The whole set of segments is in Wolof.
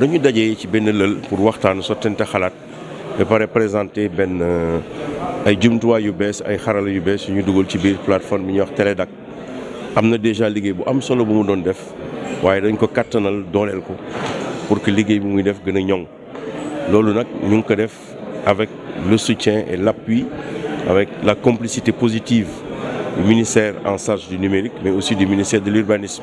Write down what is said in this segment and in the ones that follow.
dañu daje ci benn lël pour waxtaan sottante xalaat ba pare présenter benn euh, ay jumtuwaay yu bees ay xarala yu bees yu ñu dugal ci biir plateforme bi ñuy wax Télédac am na déjà liggéey bu am solo bu mu doon def waaye dañ ko kattanal dooleel ko pour que liggéey bi muy def gën a ñoŋ loolu nag ñu ko def avec le soutien et l'appui avec la complicité positive du ministère en charge du numérique mais aussi du ministère de l'urbanisme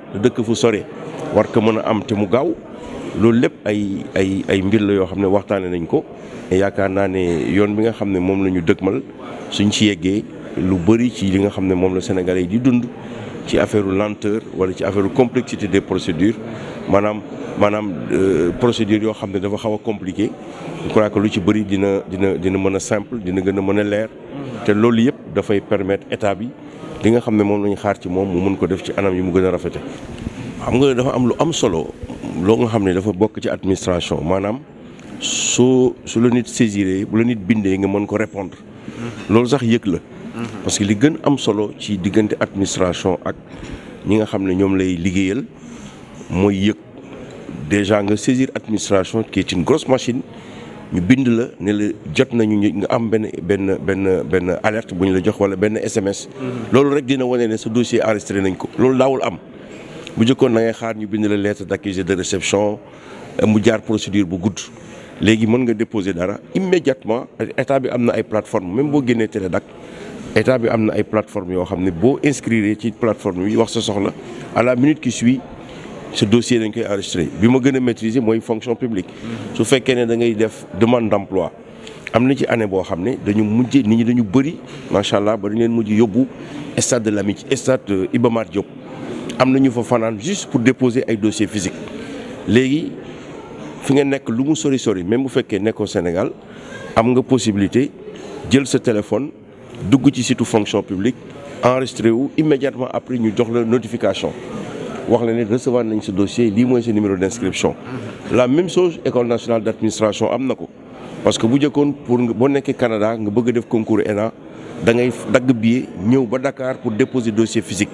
dëkk fu sore war ko mën a am te mu gaaw loolu lépp ay ay ay mbir la yoo xam ne waxtaane nañ ko yaakaar naa ne yoon bi nga xam ne moom la ñu mal suñ ci yeggee lu bëri ci li nga xam ne moom la Sénégalais yi di dund ci affaire lenteur wala ci affaire complexité des procédures maanaam maanaam euh, procédure yoo xam ne dafa xaw a compliqué je crois que lu ci bëri dina dina dina mën a simple dina gën a mën a leer mm-hmm. te loolu yëpp dafay permettre état bi li nga xam ne moom la ñu xaar ci moom mu mun ko def ci anam yi mu gën a rafete xam nga dafa am lu am solo loo nga xam ne dafa bokk ci administration maanaam soo su la nit saisiré bu la nit bindee nga mën ko répondre loolu sax yëg la parce que li gën am solo ci diggante administration ak ñi nga xam ne ñoom lay liggéeyal mooy yëg déjà nga saisir administration qui est grosse machine ñu bind la ne la jot nañu nga am benn benn benn benn alerte bu ñu la jox wala benn SMS. Mhm. loolu rek dina wane ne sa dossier enregistré nañ ko loolu daawul am bu jëkkoon na xaar ñu bind la lettre d'accusé de réception euh, mu jaar procédure bu gudd. léegi mën nga déposer dara immédiatement état bi am na ay plateforme même boo génnee Télédac état bi am na ay plateforme yoo xam ne boo inscrire ci plateforme yi wax sa soxla à la minute qui suit. ce dossier est enregistré Si que maîtriser fonction publique su demande d'emploi am ci année vous de l'Amitié stade euh, Diop juste pour déposer ay dossier physique Maintenant, fi nga vous même bu Sénégal am possibilité jël téléphone dugg ci site fonction publique enregistré ou immédiatement après nous donner la notification wax na recevoir ce dossier lii moi ce numéro d'inscription. la même chose école nationale d'administration a parce que bu vous pour au Canada vous bëgg a def concours ENA da ngay billet ñëw Dakar pour déposer dossier physique.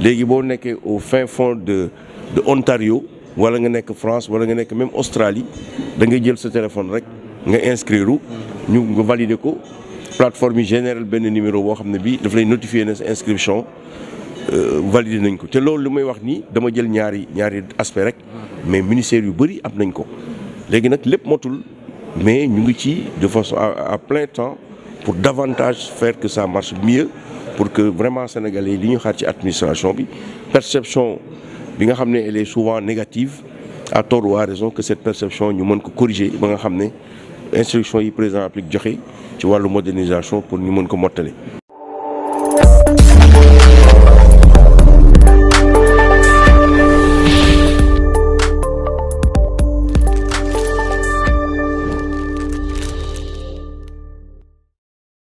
Si vous êtes au fin fond de ou Ontario vous êtes en France ou même en même Australie vous ngay jël téléphone vous nga inscrire vous nga valider La plateforme générale, a numéro vous avez notifié bii daf notifier euh, validé nañ ko té loolu lu may wax ni dama jël ñaari ñaari aspect rek mais ministère yu bëri am nañ ko légui nak lepp motul mais ñu ngi ci de façon à plein temps pour davantage faire que ça marche mieux pour que vraiment sénégalais li ñu xaar ci administration bi perception bi nga xamné elle est souvent négative à tort ou à raison que cette perception ñu mën ko corriger ba nga xamné instruction yi président applique joxé ci walu modernisation pour ñu mën ko motalé